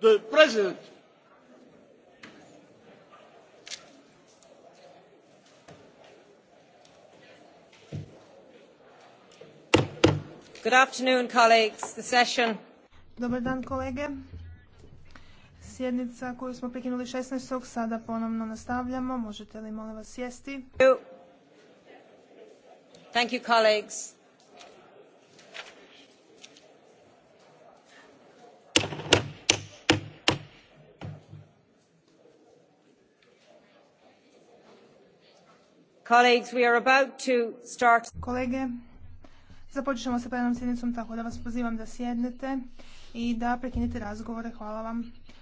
the president. Good afternoon, colleagues. The session. Dobar dan kolege. Sjednica koju smo prekinuli 16. sada ponovno nastavljamo. Možete li molim vas sjesti? Thank you, colleagues. Kolege, započet sa plenarnom sjednicom, tako da vas pozivam da sjednete i da prekinete razgovore. Hvala vam.